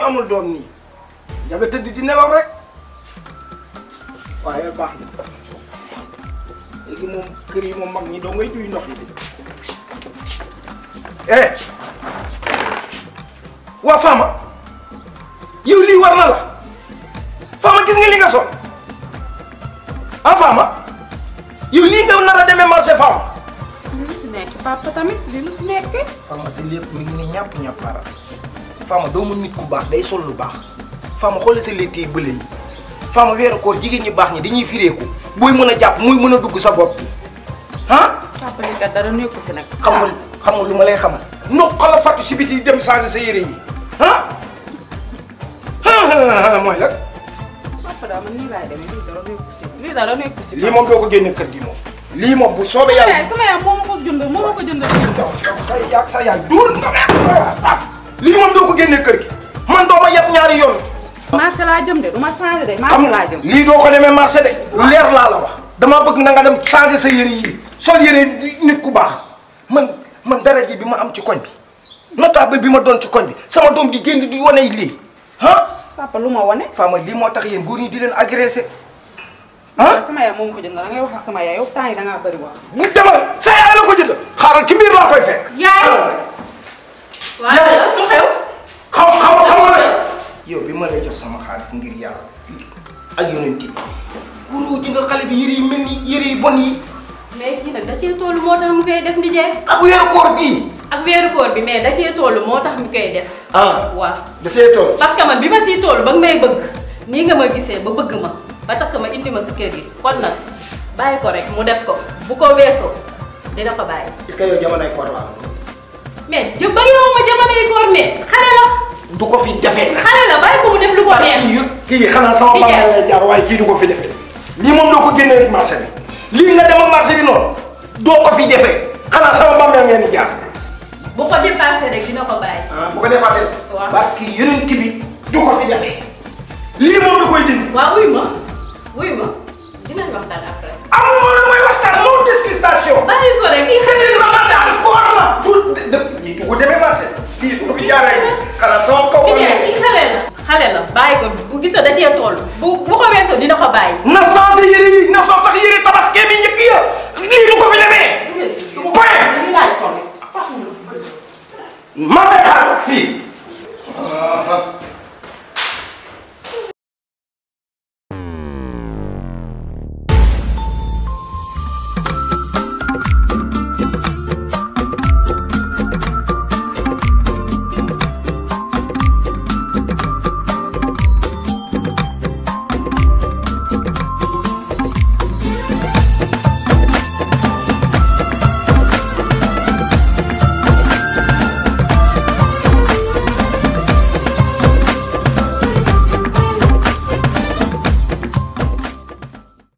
ñu amul doom ni jaga ya tëdd di nelaw rek waye bax na léegi moom kër yi mag ñi do ngay duy ndox yi eh wa Fama yow li war na la Fama gis nga li nga sol a ah, Fama yow li nga nar a demee marché Fama. lu papa tamit li lu si Fama si lépp mi ngi Fama doo mën nit ku baax day sol lu baax Fama xoolal sa létt yi bële yi Fama weeru koor jigéen ñi baax ñi dañuy fireeku booy mën a jàpp muy mën a dugg sa bopp ah. papa li kat xam nga xam nga lu ma lay xam no xala fàttu si biti dem changer sa yére yi ah mooy la. papa daal man nii laay demee lii dara nekku si lii dara nekku si. lii moom doo ko génne kër gi moom. lii moom bu soobee yàlla. sama yaay sama yaay moo ma ko jënd moo ma ko jënd. sa yaay duul nga génne kër gi man doo ma yab ñaari yoon. marché laa jëm de du ma changé de marché laa jëm. lii doo ko demee marché de lu leer laa la wax damaa bëgg na nga dem changé sa yére yi sol yére nit ku baax man man daraja bi ma am ci koñ bi notable bima don doon ci koñ bi sama doom di génn di wane lii ah. papa luma ma wane. Fama lii moo tax yéen góor ñi di leen agressé. ah sama yaay moom ko jënd da ngay wax ak sama yaay yow temps yi da ngaa bëri wax. mu demal sa yaay lay jox sama xaalis ngir yàlla ak yonent bi waroo jëndal xale bi yëre yu mel yëre yu bon yi. mais kii nag da cee toll moo tax mu koy def di jeex. ak weeru koor bii. ak weeru koor bi mais da cee toll moo tax ñu koy def. ah waaw da see toll. parce man bi ma siy toll ba nga may bëgg nii nga ma gisee ba bëgg ma ba takk ma indi ma si kër gi kon nag bàyyi ko rek mu def ko bu ko weesoo dina ko bàyyi. est yow jamonoy koor la mais jë yow ma jamonoy koor mais xale du ko fi defee. xale la bàyyi ko mu def lu ko neex. kii yëpp kii xanaa sama bambara lay jaar waaye kii du ko fi defee. lii moom doo ko génnee marché bi lii nga dem ak marché bi noonu doo ko fi defee xanaa sama bambara ngeen di jaar. bu ko dépassé rek dina ko bàyyi. ah bu ko dépassé. waaw parce ko fi moom da koy dindi. waaw wuy ma ma dinañ waxtaan après. amul moom lu gis nga da cee toll bu bu ko weesoo dina ko bàyyi. na